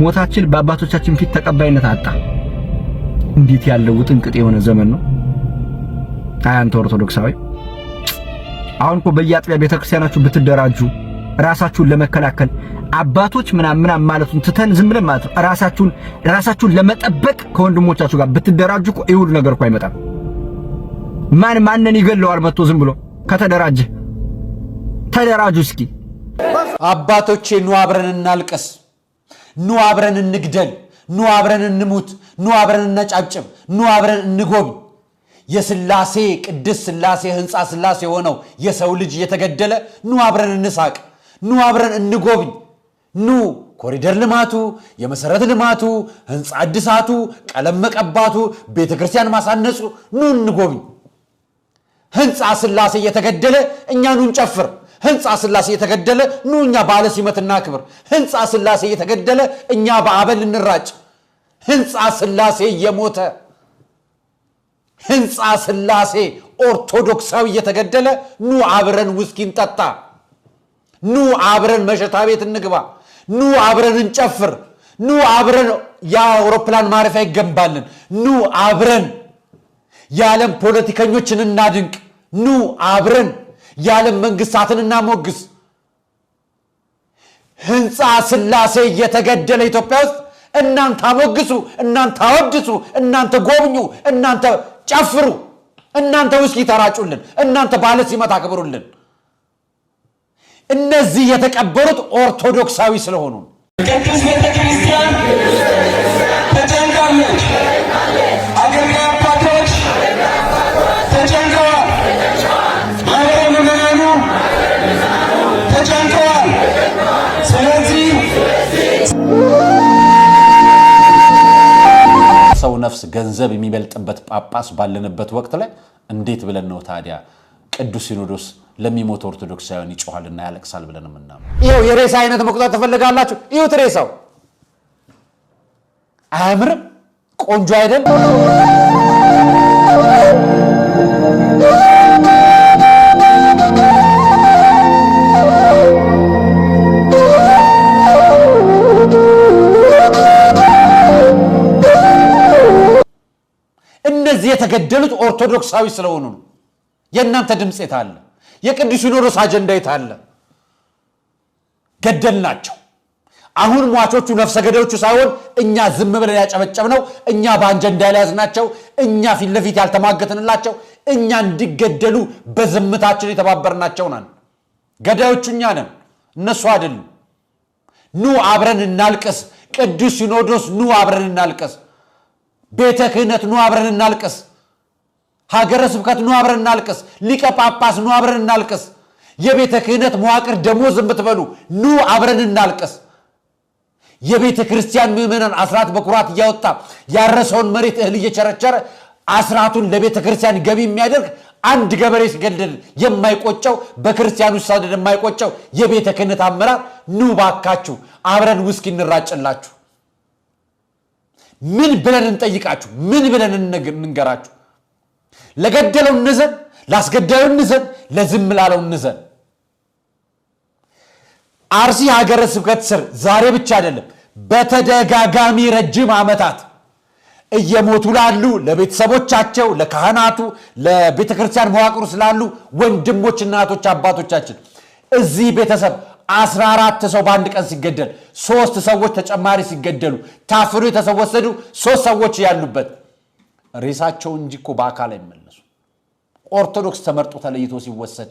ሞታችን በአባቶቻችን ፊት ተቀባይነት አጣ። እንዴት ያለው ውጥንቅጥ የሆነ ዘመን ነው! አይ አንተ ኦርቶዶክሳዊ፣ አሁን እኮ በየአጥቢያ ቤተክርስቲያናችሁ ብትደራጁ ራሳችሁን ለመከላከል አባቶች ምናምን ምናምን ማለቱን ትተን ዝም ብለን ማለት ነው ራሳችሁን ራሳችሁን ለመጠበቅ ከወንድሞቻችሁ ጋር ብትደራጁ እኮ ይሁሉ ነገር እኮ አይመጣም። ማን ማንን ይገለዋል መጥቶ ዝም ብሎ ከተደራጀ። ተደራጁ እስኪ አባቶቼ ኑ አብረን እናልቀስ። ኑ አብረን እንግደል፣ ኑ አብረን እንሙት፣ ኑ አብረን እነጫጭም፣ ኑ አብረን እንጎብኝ። የስላሴ ቅድስ ስላሴ ህንፃ ስላሴ የሆነው የሰው ልጅ እየተገደለ ኑ አብረን እንሳቅ፣ ኑ አብረን እንጎብኝ። ኑ ኮሪደር ልማቱ፣ የመሰረት ልማቱ፣ ህንፃ አድሳቱ፣ ቀለም መቀባቱ፣ ቤተ ክርስቲያን ማሳነጹ፣ ኑ እንጎብኝ። ህንፃ ስላሴ እየተገደለ እኛ ኑ እንጨፍር። ህንፃ ስላሴ የተገደለ ኑ እኛ በዓለ ሲመትና ክብር ህንፃ ስላሴ የተገደለ እኛ በአበል እንራጭ። ህንፃ ስላሴ እየሞተ ህንፃ ስላሴ ኦርቶዶክሳዊ እየተገደለ ኑ አብረን ውስኪ እንጠጣ፣ ኑ አብረን መሸታ ቤት እንግባ፣ ኑ አብረን እንጨፍር፣ ኑ አብረን የአውሮፕላን ማረፊያ ይገንባልን፣ ኑ አብረን የዓለም ፖለቲከኞችን እናድንቅ፣ ኑ አብረን የዓለም መንግስታትን እናሞግስ። ህንፃ ስላሴ እየተገደለ ኢትዮጵያ ውስጥ እናንተ አሞግሱ፣ እናንተ አወድሱ፣ እናንተ ጎብኙ፣ እናንተ ጨፍሩ፣ እናንተ ውስኪ ተራጩልን፣ እናንተ ባለ ሲመት አክብሩልን። እነዚህ የተቀበሩት ኦርቶዶክሳዊ ስለሆኑ ቅዱስ ቤተክርስቲያን ተጨንቃለች። ነፍስ ገንዘብ የሚበልጥበት ጳጳስ ባለንበት ወቅት ላይ እንዴት ብለን ነው ታዲያ ቅዱስ ሲኖዶስ ለሚሞት ኦርቶዶክሳውያን ይጮኋልና ያለቅሳል ብለን ምናምን? ይኸው የሬሳ አይነት መቁጣት ትፈልጋላችሁ? ይሁት ሬሳው አያምርም? ቆንጆ አይደል? እነዚህ የተገደሉት ኦርቶዶክሳዊ ስለሆኑ ነው። የእናንተ ድምፅ የታለ? የቅዱስ ሲኖዶስ አጀንዳ የታለ? ገደል ናቸው። አሁን ሟቾቹ ነፍሰ ገዳዮቹ ሳይሆን እኛ ዝም ብለን ያጨበጨብነው እኛ በአጀንዳ ያልያዝናቸው እኛ ፊት ለፊት ያልተማገትንላቸው እኛ እንዲገደሉ በዝምታችን የተባበርናቸው ነን። ገዳዮቹ እኛ ነን፣ እነሱ አይደሉም። ኑ አብረን እናልቅስ። ቅዱስ ሲኖዶስ ኑ አብረን እናልቅስ። ቤተ ክህነት ኑ አብረን እናልቅስ። ሀገረ ስብከት ኑ አብረን እናልቅስ። ሊቀ ጳጳስ ኑ አብረን እናልቅስ። የቤተ ክህነት መዋቅር ደሞ የምትበሉ ኑ አብረን እናልቅስ። የቤተ ክርስቲያን ምእመናን አስራት በኩራት እያወጣ ያረሰውን መሬት እህል እየቸረቸረ አስራቱን ለቤተ ክርስቲያን ገቢ የሚያደርግ አንድ ገበሬ ሲገደል የማይቆጨው በክርስቲያን ሲሳደድ የማይቆጨው የቤተ ክህነት አመራር ኑ ባካችሁ አብረን ውስኪ እንራጭላችሁ። ምን ብለን እንጠይቃችሁ? ምን ብለን እንንገራችሁ? ለገደለው እንዘን፣ ላስገደለው እንዘን፣ ለዝም ላለው እንዘን። አርሲ ሀገረ ስብከት ስር ዛሬ ብቻ አይደለም በተደጋጋሚ ረጅም ዓመታት እየሞቱ ላሉ ለቤተሰቦቻቸው፣ ለካህናቱ፣ ለቤተ ክርስቲያን መዋቅሩ ስላሉ ወንድሞች፣ እናቶች፣ አባቶቻችን እዚህ ቤተሰብ 14 ሰው በአንድ ቀን ሲገደል ሶስት ሰዎች ተጨማሪ ሲገደሉ ታፍሩ የተሰወሰዱ ሶስት ሰዎች ያሉበት ሬሳቸው እንጂ እኮ በአካል አይመለሱ። ኦርቶዶክስ ተመርጦ ተለይቶ ሲወሰድ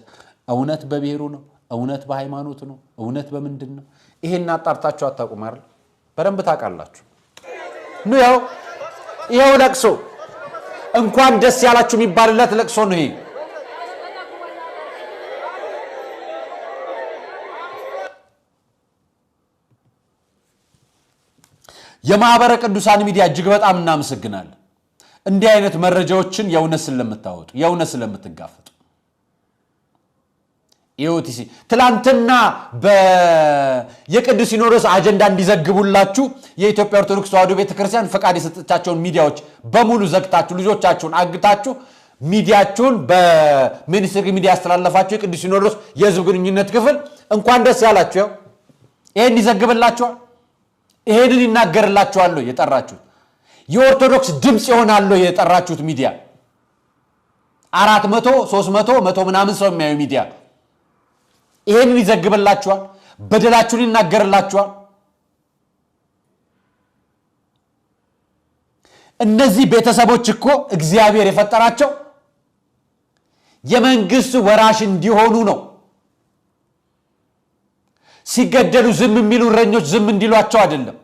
እውነት በብሔሩ ነው? እውነት በሃይማኖት ነው? እውነት በምንድን ነው? ይሄን አጣርታችሁ አታውቁም አይደል? በደንብ ታውቃላችሁ። ኑ ያው ይኸው ለቅሶ እንኳን ደስ ያላችሁ የሚባልለት ለቅሶ ነው ይሄ። የማኅበረ ቅዱሳን ሚዲያ እጅግ በጣም እናመሰግናለን። እንዲህ አይነት መረጃዎችን የእውነት ስለምታወጡ የእውነት ስለምትጋፈጡ ኢኦቲሲ ትላንትና የቅዱስ ሲኖዶስ አጀንዳ እንዲዘግቡላችሁ የኢትዮጵያ ኦርቶዶክስ ተዋሕዶ ቤተክርስቲያን ፈቃድ የሰጠቻቸውን ሚዲያዎች በሙሉ ዘግታችሁ ልጆቻችሁን አግታችሁ ሚዲያችሁን በሚኒስትሪ ሚዲያ ያስተላለፋችሁ የቅዱስ ሲኖዶስ የህዝብ ግንኙነት ክፍል እንኳን ደስ ያላችሁ። ይሄ እንዲዘግብላችኋል። ይሄንን ይናገርላችኋል የጠራችሁት የኦርቶዶክስ ድምፅ የሆናለ የጠራችሁት ሚዲያ አራት መቶ ሶስት መቶ መቶ ምናምን ሰው የሚያዩ ሚዲያ ይሄንን ይዘግብላችኋል፣ በደላችሁን ይናገርላችኋል። እነዚህ ቤተሰቦች እኮ እግዚአብሔር የፈጠራቸው የመንግስት ወራሽ እንዲሆኑ ነው። ሲገደሉ ዝም የሚሉ እረኞች ዝም እንዲሏቸው አይደለም።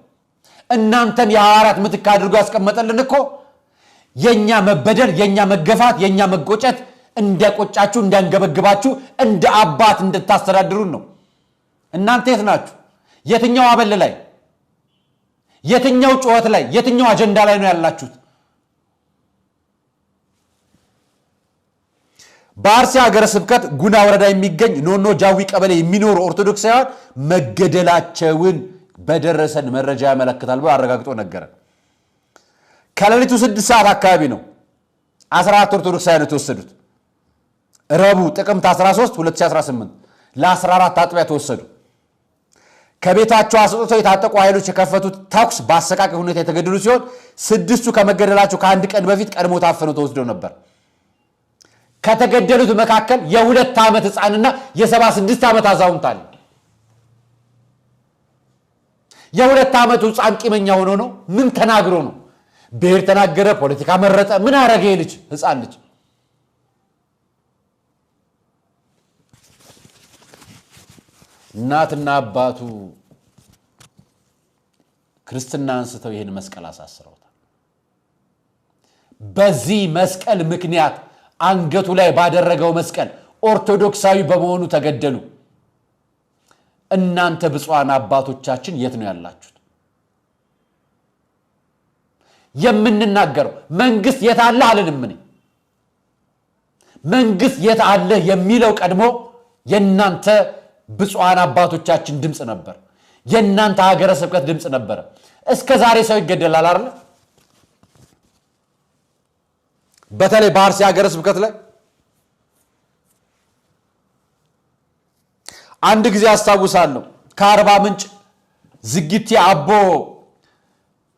እናንተን የሐዋርያት ምትክ አድርጎ ያስቀመጠልን እኮ የእኛ መበደል፣ የእኛ መገፋት፣ የእኛ መቆጨት እንዳይቆጫችሁ፣ እንዳንገበግባችሁ እንደ አባት እንድታስተዳድሩን ነው። እናንተ የት ናችሁ? የትኛው አበል ላይ፣ የትኛው ጩኸት ላይ፣ የትኛው አጀንዳ ላይ ነው ያላችሁት? በአርሲ ሀገረ ስብከት ጉና ወረዳ የሚገኝ ኖኖ ጃዊ ቀበሌ የሚኖሩ ኦርቶዶክሳውያን መገደላቸውን በደረሰን መረጃ ያመለክታል ብሎ አረጋግጦ ነገረ። ከሌሊቱ ስድስት ሰዓት አካባቢ ነው 14 ኦርቶዶክሳውያን የተወሰዱት። ረቡዕ ጥቅምት 13 2018 ለ14 አጥቢያ ተወሰዱ። ከቤታቸው አስወጥተው የታጠቁ ኃይሎች የከፈቱት ተኩስ በአሰቃቂ ሁኔታ የተገደሉ ሲሆን ስድስቱ ከመገደላቸው ከአንድ ቀን በፊት ቀድሞ ታፍነው ተወስደው ነበር። ከተገደሉት መካከል የሁለት ዓመት ህፃንና የ76 ዓመት አዛውንት አለ። የሁለት ዓመቱ ህፃን ቂመኛ ሆኖ ነው። ምን ተናግሮ ነው? ብሔር ተናገረ፣ ፖለቲካ መረጠ፣ ምን አረገ? ልጅ ህፃን ልጅ እናትና አባቱ ክርስትና አንስተው ይህን መስቀል አሳስረውታል። በዚህ መስቀል ምክንያት አንገቱ ላይ ባደረገው መስቀል ኦርቶዶክሳዊ በመሆኑ ተገደሉ። እናንተ ብፁዓን አባቶቻችን የት ነው ያላችሁት? የምንናገረው መንግስት የት አለ አለንም። እኔ መንግስት የት አለ የሚለው ቀድሞ የእናንተ ብፁዓን አባቶቻችን ድምፅ ነበር። የእናንተ ሀገረ ስብከት ድምፅ ነበረ። እስከ ዛሬ ሰው ይገደላል አይደለ? በተለይ በአርሲ ሀገረ ስብከት ላይ አንድ ጊዜ አስታውሳለሁ ከአርባ ምንጭ ዝግቲ አቦ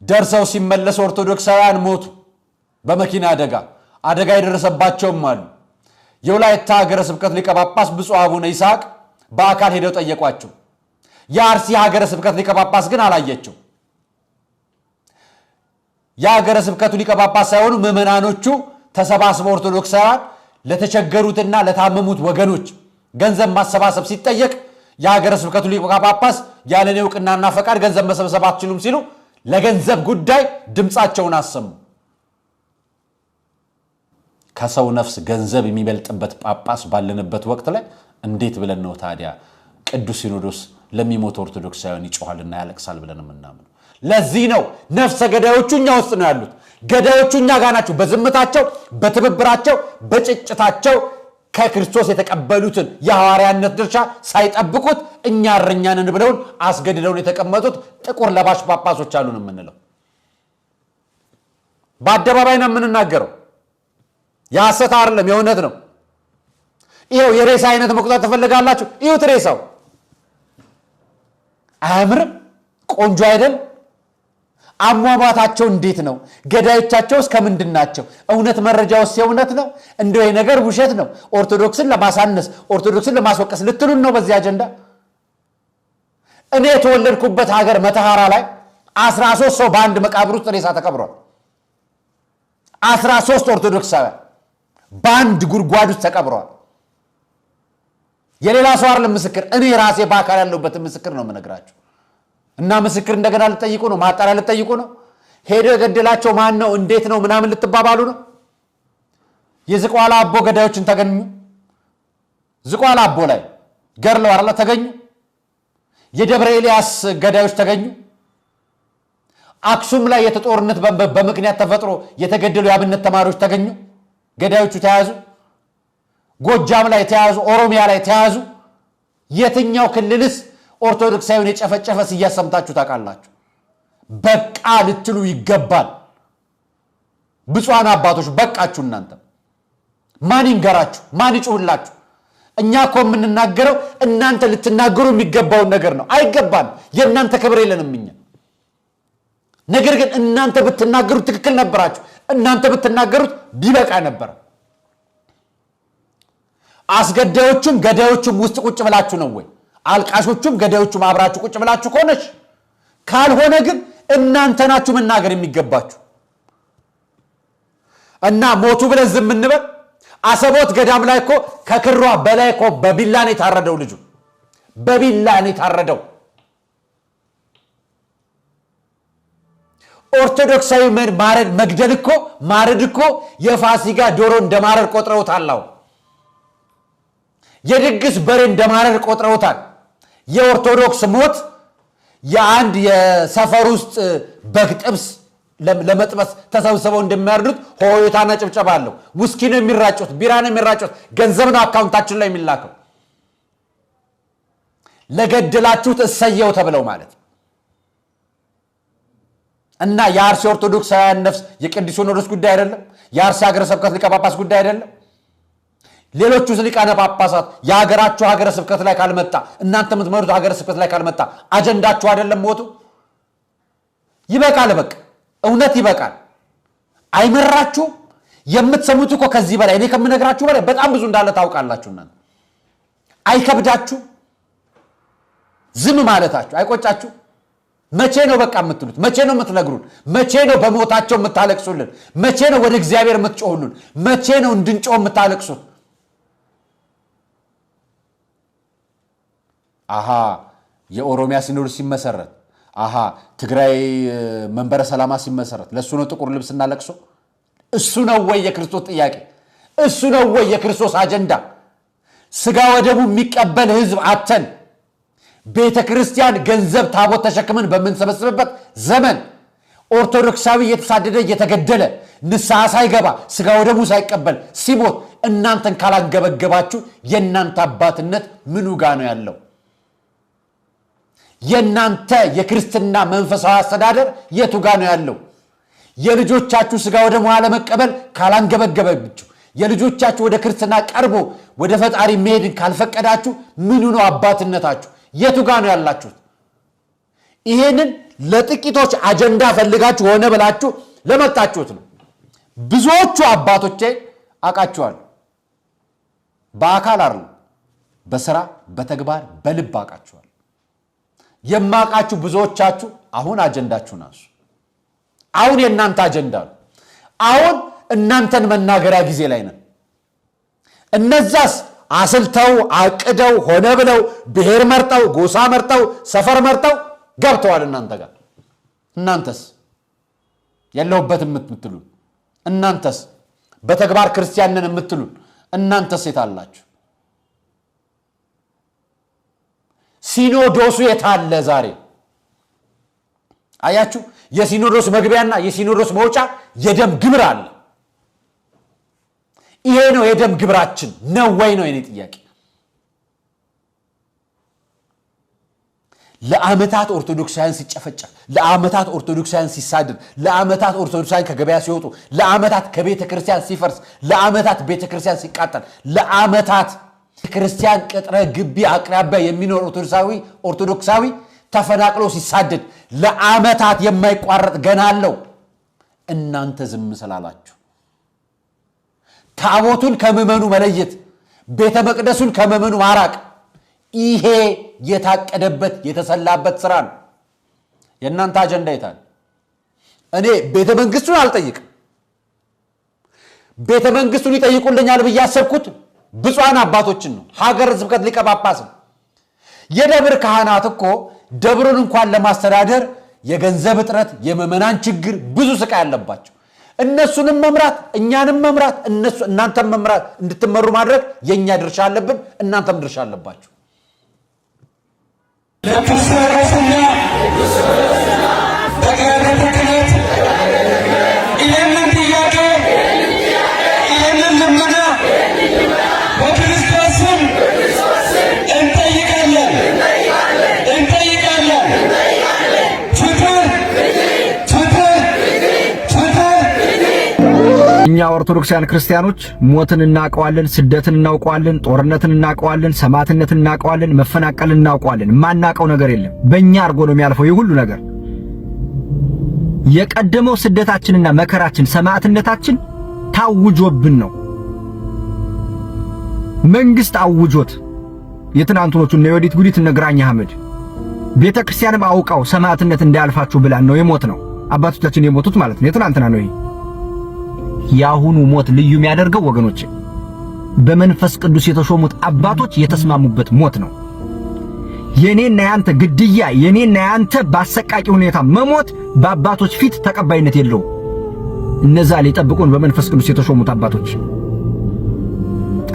ደርሰው ሲመለሱ ኦርቶዶክሳውያን ሞቱ በመኪና አደጋ። አደጋ የደረሰባቸውም አሉ። የወላይታ ሀገረ ስብከት ሊቀ ጳጳስ ብፁዕ አቡነ ይስሐቅ በአካል ሄደው ጠየቋቸው። የአርሲ ሀገረ ስብከት ሊቀ ጳጳስ ግን አላየቸው። የሀገረ ስብከቱ ሊቀ ጳጳስ ሳይሆኑ ምዕመናኖቹ ተሰባስበው ኦርቶዶክሳውያን ለተቸገሩትና ለታመሙት ወገኖች ገንዘብ ማሰባሰብ ሲጠየቅ የሀገረ ስብከቱ ሊቀ ጳጳስ ያለን እውቅናና ፈቃድ ገንዘብ መሰብሰብ አትችሉም ሲሉ ለገንዘብ ጉዳይ ድምፃቸውን አሰሙ። ከሰው ነፍስ ገንዘብ የሚበልጥበት ጳጳስ ባለንበት ወቅት ላይ እንዴት ብለን ነው ታዲያ ቅዱስ ሲኖዶስ ለሚሞት ኦርቶዶክሳውያን ይጮኋልና ያለቅሳል ብለን የምናምነው? ለዚህ ነው ነፍሰ ገዳዮቹ እኛ ውስጥ ነው ያሉት። ገዳዮቹ እኛ ጋር ናቸው። በዝምታቸው፣ በትብብራቸው፣ በጭጭታቸው ከክርስቶስ የተቀበሉትን የሐዋርያነት ድርሻ ሳይጠብቁት እኛ እረኛንን ብለውን አስገድደውን የተቀመጡት ጥቁር ለባሽ ጳጳሶች አሉን የምንለው በአደባባይ ነው የምንናገረው። የሐሰት አይደለም፣ የእውነት ነው። ይኸው የሬሳ አይነት መቁጠር ትፈልጋላችሁ? ይሁት ሬሳው አያምርም? ቆንጆ አይደል? አሟሟታቸው እንዴት ነው? ገዳዮቻቸው እስከ ምንድን ናቸው? እውነት መረጃ ውስጥ የእውነት ነው? እንደ ይሄ ነገር ውሸት ነው፣ ኦርቶዶክስን ለማሳነስ ኦርቶዶክስን ለማስወቀስ ልትሉን ነው በዚህ አጀንዳ። እኔ የተወለድኩበት ሀገር መተሃራ ላይ አስራ ሶስት ሰው በአንድ መቃብር ውስጥ ሬሳ ተቀብሯል። አስራ ሶስት ኦርቶዶክሳውያን በአንድ ጉድጓድ ውስጥ ተቀብረዋል። የሌላ ሰው አይደለም ምስክር፣ እኔ ራሴ በአካል ያለሁበትን ምስክር ነው የምነግራቸው። እና ምስክር እንደገና ልጠይቁ ነው? ማጣሪያ ልጠይቁ ነው? ሄዶ የገደላቸው ማን ነው? እንዴት ነው? ምናምን ልትባባሉ ነው? የዝቋላ አቦ ገዳዮችን ተገኙ። ዝቋላ አቦ ላይ ገርለው አለ ተገኙ። የደብረ ኤልያስ ገዳዮች ተገኙ። አክሱም ላይ የተጦርነት በምክንያት ተፈጥሮ የተገደሉ የአብነት ተማሪዎች ተገኙ። ገዳዮቹ ተያዙ። ጎጃም ላይ ተያዙ። ኦሮሚያ ላይ ተያዙ። የትኛው ክልልስ ኦርቶዶክሳዊን የጨፈጨፈ ስያሜ ሰምታችሁ ታውቃላችሁ። በቃ ልትሉ ይገባል። ብፁዓን አባቶች በቃችሁ። እናንተ ማን ይንገራችሁ? ማን ይጩሁላችሁ? እኛ እኮ የምንናገረው እናንተ ልትናገሩ የሚገባውን ነገር ነው። አይገባን፣ የእናንተ ክብር የለንም እኛ። ነገር ግን እናንተ ብትናገሩት ትክክል ነበራችሁ። እናንተ ብትናገሩት ቢበቃ ነበር። አስገዳዮቹም ገዳዮቹም ውስጥ ቁጭ ብላችሁ ነው ወይ? አልቃሾቹም ገዳዮቹም አብራችሁ ቁጭ ብላችሁ ከሆነች፣ ካልሆነ ግን እናንተ ናችሁ መናገር የሚገባችሁ እና ሞቱ ብለን ዝም እንበል። አሰቦት ገዳም ላይ እኮ ከክሯ በላይ እኮ በቢላ ነው የታረደው ልጁ፣ በቢላ ነው የታረደው። ኦርቶዶክሳዊ ማረድ መግደል እኮ ማረድ እኮ የፋሲጋ ዶሮ እንደማረድ ቆጥረውታል። አዎ የድግስ በሬ እንደማረድ ቆጥረውታል። የኦርቶዶክስ ሞት የአንድ የሰፈር ውስጥ በግ ጥብስ ለመጥበስ ተሰብስበው እንደሚያርዱት ሆዮታና ጭብጨባ አለው። ውስኪ ነው የሚራጩት፣ ቢራ ነው የሚራጩት፣ ገንዘብ ነው አካውንታችን ላይ የሚላከው። ለገደላችሁት እሰየው ተብለው ማለት እና የአርሲ ኦርቶዶክሳውያን ነፍስ የቅዱስ ሲኖዶስ ጉዳይ አይደለም። የአርሲ ሀገረ ስብከት ሊቀ ጳጳስ ጉዳይ አይደለም። ሌሎቹ ሊቃነ ጳጳሳት የሀገራችሁ ሀገረ ስብከት ላይ ካልመጣ እናንተ የምትመሩት ሀገረ ስብከት ላይ ካልመጣ አጀንዳችሁ አይደለም ሞቱ። ይበቃል፣ በቃ እውነት ይበቃል። አይመራችሁ የምትሰሙት እኮ ከዚህ በላይ እኔ ከምነግራችሁ በላይ በጣም ብዙ እንዳለ ታውቃላችሁ። እናንተ አይከብዳችሁ ዝም ማለታችሁ አይቆጫችሁ? መቼ ነው በቃ የምትሉት? መቼ ነው የምትነግሩን? መቼ ነው በሞታቸው የምታለቅሱልን? መቼ ነው ወደ እግዚአብሔር የምትጮሁልን? መቼ ነው እንድንጮህ የምታለቅሱት? አሃ የኦሮሚያ ሲኖዶስ ሲመሰረት፣ አሃ ትግራይ መንበረ ሰላማ ሲመሰረት ለእሱ ነው ጥቁር ልብስና ለቅሶ? እሱ ነው ወይ የክርስቶስ ጥያቄ? እሱ ነው ወይ የክርስቶስ አጀንዳ? ስጋ ወደሙ የሚቀበል ህዝብ አተን ቤተ ክርስቲያን ገንዘብ ታቦት ተሸክመን በምንሰበስብበት ዘመን ኦርቶዶክሳዊ እየተሳደደ እየተገደለ ንስሐ ሳይገባ ስጋ ወደሙ ሳይቀበል ሲሞት እናንተን ካላንገበገባችሁ የእናንተ አባትነት ምኑ ጋ ነው ያለው? የእናንተ የክርስትና መንፈሳዊ አስተዳደር የቱ ጋ ነው ያለው? የልጆቻችሁ ስጋ ወደ ሙያ ለመቀበል ካላንገበገበችሁ፣ የልጆቻችሁ ወደ ክርስትና ቀርቦ ወደ ፈጣሪ መሄድን ካልፈቀዳችሁ ምኑ ነው አባትነታችሁ? የቱ ጋ ነው ያላችሁት? ይሄንን ለጥቂቶች አጀንዳ ፈልጋችሁ ሆነ ብላችሁ ለመጣችሁት ነው። ብዙዎቹ አባቶቼ አቃችኋል። በአካል አሉ፣ በስራ በተግባር በልብ አቃችኋል። የማውቃችሁ ብዙዎቻችሁ አሁን አጀንዳችሁን አንሱ። አሁን የእናንተ አጀንዳ ነው። አሁን እናንተን መናገሪያ ጊዜ ላይ ነን። እነዛስ አስልተው አቅደው ሆነ ብለው ብሔር መርጠው ጎሳ መርጠው ሰፈር መርጠው ገብተዋል እናንተ ጋር። እናንተስ የለሁበትም የምትሉን እናንተስ በተግባር ክርስቲያንን የምትሉን እናንተስ የት አላችሁ? ሲኖዶሱ የታለ ዛሬ? አያችሁ፣ የሲኖዶስ መግቢያና የሲኖዶስ መውጫ የደም ግብር አለ። ይሄ ነው የደም ግብራችን ነው ወይ ነው የኔ ጥያቄ። ለአመታት ኦርቶዶክሳውያን ሲጨፈጨፍ፣ ለአመታት ኦርቶዶክሳውያን ሲሳድር ለአመታት ኦርቶዶክሳውያን ከገበያ ሲወጡ፣ ለአመታት ከቤተ ክርስቲያን ሲፈርስ፣ ለአመታት ቤተ ክርስቲያን ሲቃጠል፣ ለአመታት ክርስቲያን ቅጥረ ግቢ አቅራቢያ የሚኖር ኦርቶዶክሳዊ ኦርቶዶክሳዊ ተፈናቅሎ ሲሳደድ ለአመታት የማይቋረጥ ገና አለው። እናንተ ዝም ስላላችሁ ታቦቱን ከምዕመኑ መለየት፣ ቤተ መቅደሱን ከምዕመኑ ማራቅ፣ ይሄ የታቀደበት የተሰላበት ስራ ነው። የእናንተ አጀንዳ ይታል። እኔ ቤተ መንግስቱን አልጠይቅም። ቤተ መንግስቱን ይጠይቁልኛል ብዬ አሰብኩት ብፁዓን አባቶችን ነው። ሀገረ ስብከት ሊቀ ጳጳስ ነው። የደብር ካህናት እኮ ደብሩን እንኳን ለማስተዳደር የገንዘብ እጥረት፣ የምዕመናን ችግር፣ ብዙ ስቃይ አለባቸው። እነሱንም መምራት እኛንም መምራት እናንተም መምራት እንድትመሩ ማድረግ የእኛ ድርሻ አለብን፣ እናንተም ድርሻ አለባችሁ። እኛ ኦርቶዶክሳውያን ክርስቲያኖች ሞትን እናውቀዋለን፣ ስደትን እናውቀዋለን፣ ጦርነትን እናውቀዋለን፣ ሰማዕትነትን እናውቀዋለን፣ መፈናቀልን እናውቀዋለን። የማናውቀው ነገር የለም። በእኛ አድርጎ ነው የሚያልፈው ይህ ሁሉ ነገር። የቀደመው ስደታችንና መከራችን ሰማዕትነታችን ታውጆብን ነው መንግስት አውጆት የትናንትኖቹ እነ የወዲት ጉዲት እነ ግራኝ አህመድ ቤተክርስቲያንም አውቃው ሰማዕትነት እንዳያልፋችሁ ብላን ነው የሞት ነው አባቶቻችን የሞቱት ማለት ነው። የትናንትና ነው ይሄ። የአሁኑ ሞት ልዩ የሚያደርገው ወገኖች በመንፈስ ቅዱስ የተሾሙት አባቶች የተስማሙበት ሞት ነው። የኔና ያንተ ግድያ፣ የኔና ያንተ በአሰቃቂ ሁኔታ መሞት በአባቶች ፊት ተቀባይነት የለው እነዛ ሊጠብቁን በመንፈስ ቅዱስ የተሾሙት አባቶች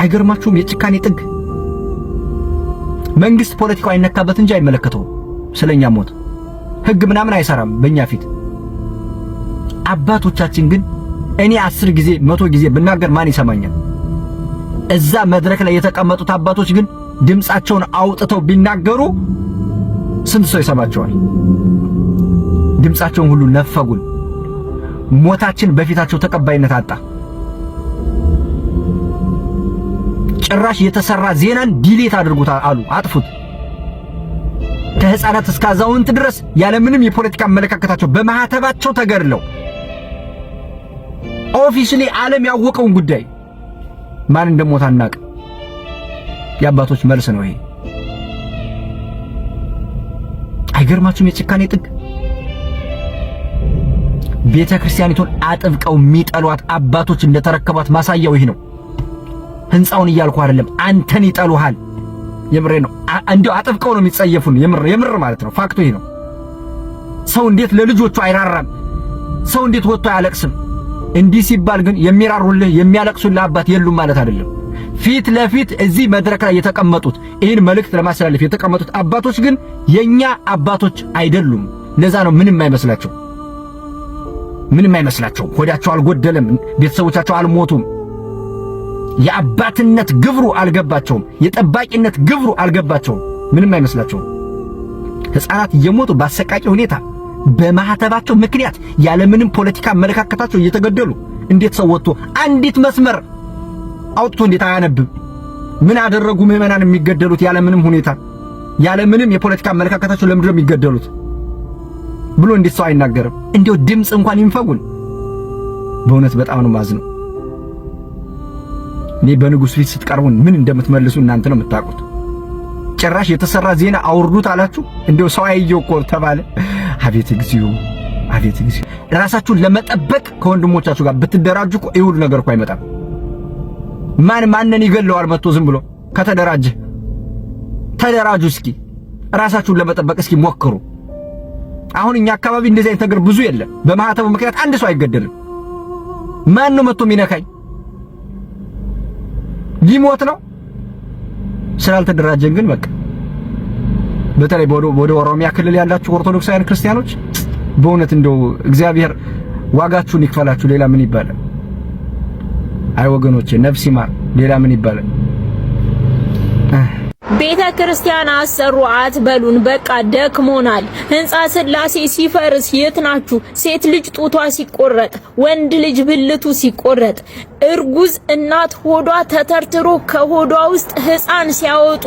አይገርማችሁም? የጭካኔ ጥግ። መንግስት ፖለቲካው አይነካበት እንጂ አይመለከተው ስለኛ ሞት ህግ ምናምን አይሰራም በእኛ ፊት። አባቶቻችን ግን እኔ አስር ጊዜ መቶ ጊዜ ብናገር ማን ይሰማኛል? እዛ መድረክ ላይ የተቀመጡት አባቶች ግን ድምፃቸውን አውጥተው ቢናገሩ ስንት ሰው ይሰማቸዋል? ድምፃቸውን ሁሉ ነፈጉን። ሞታችን በፊታቸው ተቀባይነት አጣ። ጭራሽ የተሰራ ዜናን ዲሌት አድርጉት አሉ፣ አጥፉት። ከህፃናት እስከ አዛውንት ድረስ ያለምንም የፖለቲካ አመለካከታቸው በማህተባቸው ተገድለው ኦፊሽሊ ዓለም ያወቀውን ጉዳይ ማን እንደሞታ አናውቅም። የአባቶች መልስ ነው ይሄ። አይገርማችሁም? የጭካኔ ጥግ። ቤተ ክርስቲያኒቱን አጥብቀው የሚጠሏት አባቶች እንደተረከቧት ማሳያው ይህ ነው። ህንፃውን እያልኩ አይደለም፣ አንተን ይጠሉሃል። የምሬ ነው። እንዲሁ አጥብቀው ነው የሚጸየፉን። የምር ማለት ነው። ፋክቱ ይህ ነው። ሰው እንዴት ለልጆቹ አይራራም? ሰው እንዴት ወጥቶ አያለቅስም? እንዲህ ሲባል ግን የሚራሩልህ የሚያለቅሱልህ አባት የሉም ማለት አይደለም። ፊት ለፊት እዚህ መድረክ ላይ የተቀመጡት ይህን መልእክት ለማስተላለፍ የተቀመጡት አባቶች ግን የኛ አባቶች አይደሉም። ለዛ ነው ምንም አይመስላቸው፣ ምንም አይመስላቸው። ሆዳቸው አልጎደለም፣ ቤተሰቦቻቸው አልሞቱም። የአባትነት ግብሩ አልገባቸውም፣ የጠባቂነት ግብሩ አልገባቸውም። ምንም አይመስላቸውም። ሕፃናት እየሞቱ በአሰቃቂ ሁኔታ በማህተባቸው ምክንያት ያለምንም ፖለቲካ አመለካከታቸው እየተገደሉ እንዴት ሰው ወጥቶ አንዲት መስመር አውጥቶ እንዴት አያነብም? ምን አደረጉ ምዕመናን የሚገደሉት ያለምንም ሁኔታ ያለምንም የፖለቲካ አመለካከታቸው ለምንድን የሚገደሉት ብሎ እንዴት ሰው አይናገርም? እንዲው ድምፅ እንኳን ይንፈጉን። በእውነት በጣም ነው ማዝነው። እኔ በንጉሥ ፊት ስትቀርቡን ምን እንደምትመልሱ እናንተ ነው የምታውቁት። ጭራሽ የተሰራ ዜና አውርዱት አላችሁ። እንደው ሰው አየው እኮ ተባለ። አቤት እግዚኦ፣ አቤት እግዚኦ። ራሳችሁን ለመጠበቅ ከወንድሞቻችሁ ጋር ብትደራጁ እኮ ይሁሉ ነገር እኮ አይመጣም። ማን ማንን ይገለዋል መጥቶ ዝም ብሎ ከተደራጀ። ተደራጁ እስኪ፣ ራሳችሁን ለመጠበቅ እስኪ ሞክሩ። አሁን እኛ አካባቢ እንደዚህ አይነት ነገር ብዙ የለም። በማህተቡ ምክንያት አንድ ሰው አይገደልም። ማን ነው መጥቶ የሚነካኝ? ሊሞት ነው ስላልተደራጀን ግን በቃ በተለይ ወደ ኦሮሚያ ክልል ያላችሁ ኦርቶዶክሳውያን ክርስቲያኖች በእውነት እንደው እግዚአብሔር ዋጋችሁን ይክፈላችሁ። ሌላ ምን ይባላል? አይ ወገኖቼ ነፍስ ይማር። ሌላ ምን ይባላል? ቤተ ክርስቲያን አሰሩአት በሉን። በቃ ደክሞናል። ህንጻ ስላሴ ሲፈርስ የት ናችሁ? ሴት ልጅ ጡቷ ሲቆረጥ፣ ወንድ ልጅ ብልቱ ሲቆረጥ፣ እርጉዝ እናት ሆዷ ተተርትሮ ከሆዷ ውስጥ ህፃን ሲያወጡ፣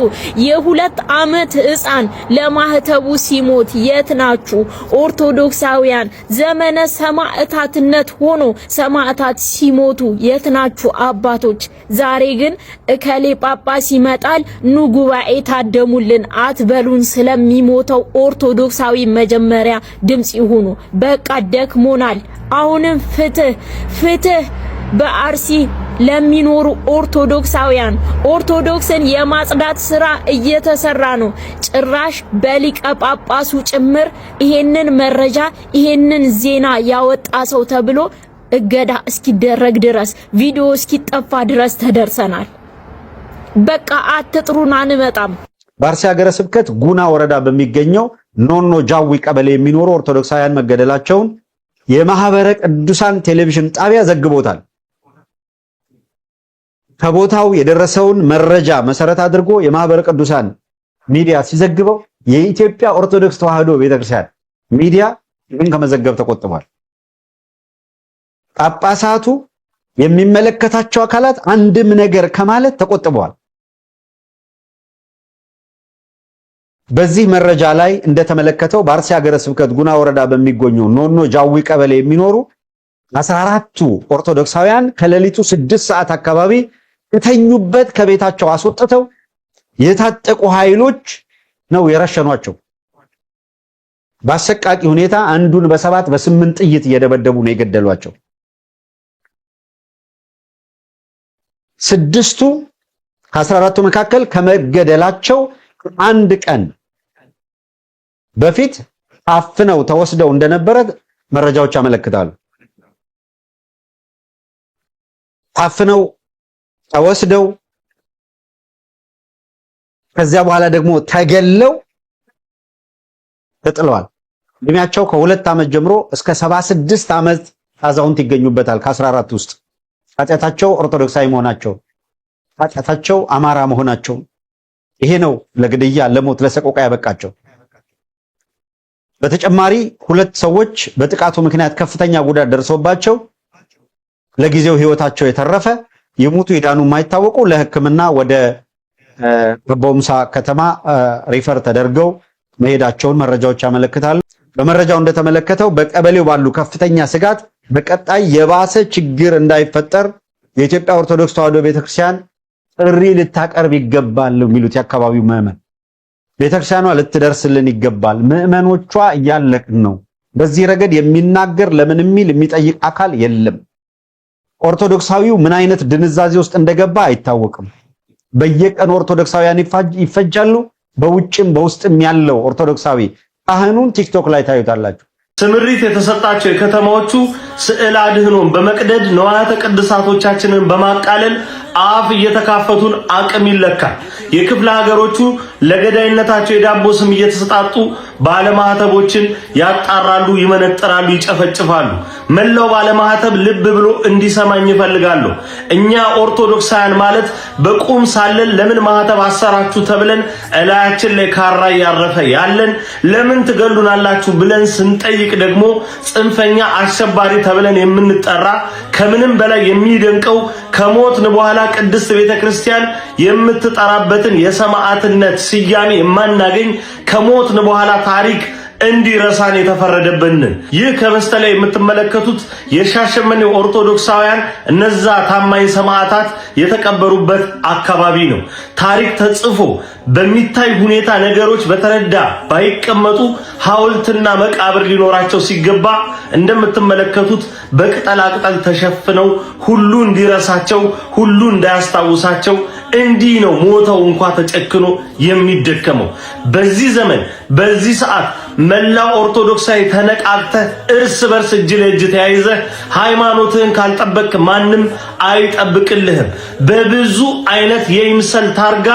የሁለት አመት ህፃን ለማህተቡ ሲሞት የት ናችሁ? ኦርቶዶክሳውያን ዘመነ ሰማዕታትነት ሆኖ ሰማዕታት ሲሞቱ የት ናችሁ አባቶች? ዛሬ ግን እከሌ ጳጳስ ይመጣል ኑጉ ጉባኤ ታደሙልን አትበሉን። ስለሚሞተው ኦርቶዶክሳዊ መጀመሪያ ድምጽ ይሁኑ። በቃ ደክሞናል። አሁንም ፍትህ ፍትህ በአርሲ ለሚኖሩ ኦርቶዶክሳውያን ኦርቶዶክስን የማጽዳት ስራ እየተሰራ ነው። ጭራሽ በሊቀ ጳጳሱ ጭምር ይሄንን መረጃ ይሄንን ዜና ያወጣ ሰው ተብሎ እገዳ እስኪደረግ ድረስ ቪዲዮ እስኪጠፋ ድረስ ተደርሰናል። በቃ አትጥሩን፣ አንመጣም። በአርሲ ሀገረ ስብከት ጉና ወረዳ በሚገኘው ኖኖ ጃዊ ቀበሌ የሚኖሩ ኦርቶዶክሳውያን መገደላቸውን የማህበረ ቅዱሳን ቴሌቪዥን ጣቢያ ዘግቦታል። ከቦታው የደረሰውን መረጃ መሰረት አድርጎ የማህበረ ቅዱሳን ሚዲያ ሲዘግበው የኢትዮጵያ ኦርቶዶክስ ተዋሕዶ ቤተክርስቲያን ሚዲያ ግን ከመዘገብ ተቆጥቧል። ጳጳሳቱ የሚመለከታቸው አካላት አንድም ነገር ከማለት ተቆጥበዋል። በዚህ መረጃ ላይ እንደተመለከተው በአርሲ ሀገረ ስብከት ጉና ወረዳ በሚገኘው ኖኖ ጃዊ ቀበሌ የሚኖሩ አስራ አራቱ ኦርቶዶክሳውያን ከሌሊቱ ስድስት ሰዓት አካባቢ ከተኙበት ከቤታቸው አስወጥተው የታጠቁ ኃይሎች ነው የረሸኗቸው። በአሰቃቂ ሁኔታ አንዱን በሰባት በስምንት ጥይት እየደበደቡ ነው የገደሏቸው። ስድስቱ ከአስራ አራቱ መካከል ከመገደላቸው አንድ ቀን በፊት ታፍነው ተወስደው እንደነበረ መረጃዎች ያመለክታሉ። ታፍነው ተወስደው ከዚያ በኋላ ደግሞ ተገለው ተጥለዋል። እድሜያቸው ከሁለት ዓመት ጀምሮ እስከ 76 አመት ዓመት አዛውንት ይገኙበታል። ከ ከ14 ውስጥ ኃጢአታቸው ኦርቶዶክሳዊ መሆናቸው፣ ኃጢአታቸው አማራ መሆናቸው ይሄ ነው ለግድያ ለሞት ለሰቆቃ ያበቃቸው። በተጨማሪ ሁለት ሰዎች በጥቃቱ ምክንያት ከፍተኛ ጉዳት ደርሶባቸው ለጊዜው ህይወታቸው የተረፈ የሞቱ ይዳኑ የማይታወቁ ለህክምና ወደ ቦምሳ ከተማ ሪፈር ተደርገው መሄዳቸውን መረጃዎች ያመለክታሉ። በመረጃው እንደተመለከተው በቀበሌው ባሉ ከፍተኛ ስጋት በቀጣይ የባሰ ችግር እንዳይፈጠር የኢትዮጵያ ኦርቶዶክስ ተዋሕዶ ቤተክርስቲያን ጥሪ ልታቀርብ ይገባል የሚሉት የአካባቢው ምዕመን ቤተክርስቲያኗ ልትደርስልን ይገባል። ምዕመኖቿ እያለቅን ነው። በዚህ ረገድ የሚናገር ለምን የሚል የሚጠይቅ አካል የለም። ኦርቶዶክሳዊው ምን አይነት ድንዛዜ ውስጥ እንደገባ አይታወቅም። በየቀን ኦርቶዶክሳውያን ይፈጃሉ። በውጭም በውስጥም ያለው ኦርቶዶክሳዊ ካህኑን ቲክቶክ ላይ ታዩታላችሁ። ስምሪት የተሰጣቸው የከተማዎቹ ስዕል አድህኖን በመቅደድ ንዋያተ ቅድሳቶቻችንን በማቃለል አፍ እየተካፈቱን አቅም ይለካል። የክፍለ ሀገሮቹ ለገዳይነታቸው የዳቦ ስም እየተሰጣጡ ባለማህተቦችን ያጣራሉ፣ ይመነጥራሉ፣ ይጨፈጭፋሉ። መላው ባለማህተብ ልብ ብሎ እንዲሰማኝ ይፈልጋለሁ። እኛ ኦርቶዶክሳውያን ማለት በቁም ሳለን ለምን ማህተብ አሰራችሁ ተብለን እላያችን ላይ ካራ እያረፈ ያለን ለምን ትገሉናላችሁ ብለን ስንጠይቅ ደግሞ ጽንፈኛ አሸባሪ ተብለን የምንጠራ ከምንም በላይ የሚደንቀው ከሞትን በኋላ ቅድስት ቤተ ክርስቲያን የምትጠራበትን የሰማዕትነት ስያሜ የማናገኝ ከሞትን በኋላ ታሪክ እንዲረሳን የተፈረደብንን ይህ ከበስተላይ የምትመለከቱት የሻሸመኔ ኦርቶዶክሳውያን እነዛ ታማኝ ሰማዕታት የተቀበሩበት አካባቢ ነው። ታሪክ ተጽፎ በሚታይ ሁኔታ ነገሮች በተረዳ ባይቀመጡ ሐውልትና መቃብር ሊኖራቸው ሲገባ እንደምትመለከቱት በቅጠላቅጠል ተሸፍነው ሁሉ እንዲረሳቸው ሁሉ እንዳያስታውሳቸው እንዲህ ነው ሞተው እንኳ ተጨክኖ የሚደከመው በዚህ ዘመን በዚህ ሰዓት መላው ኦርቶዶክሳዊ ተነቃቅተህ እርስ በርስ እጅ ለእጅ ተያይዘህ ሃይማኖትህን ካልጠበቅ ማንም አይጠብቅልህም። በብዙ አይነት የይምሰል ታርጋ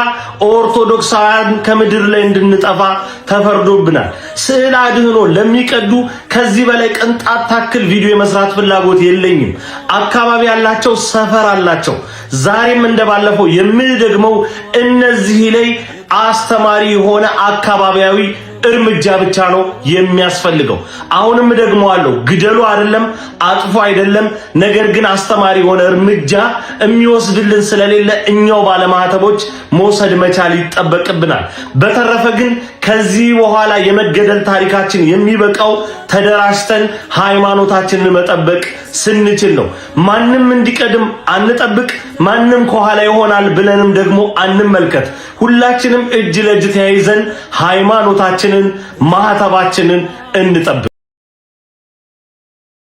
ኦርቶዶክሳውያን ከምድር ላይ እንድንጠፋ ተፈርዶብናል። ስዕል አድህኖ ለሚቀዱ ከዚህ በላይ ቅንጣት ታክል ቪዲዮ የመስራት ፍላጎት የለኝም። አካባቢ ያላቸው ሰፈር አላቸው። ዛሬም እንደባለፈው የምደግመው እነዚህ ላይ አስተማሪ የሆነ አካባቢያዊ እርምጃ ብቻ ነው የሚያስፈልገው። አሁንም ደግሞ አለው ግደሉ አይደለም አጥፎ አይደለም። ነገር ግን አስተማሪ የሆነ እርምጃ የሚወስድልን ስለሌለ እኛው ባለማህተቦች መውሰድ መቻል ይጠበቅብናል። በተረፈ ግን ከዚህ በኋላ የመገደል ታሪካችን የሚበቃው ተደራጅተን ሃይማኖታችንን መጠበቅ ስንችል ነው። ማንም እንዲቀድም አንጠብቅ፣ ማንም ከኋላ ይሆናል ብለንም ደግሞ አንመልከት። ሁላችንም እጅ ለእጅ ተያይዘን ሃይማኖታችንን ማህተባችንን እንጠብቅ።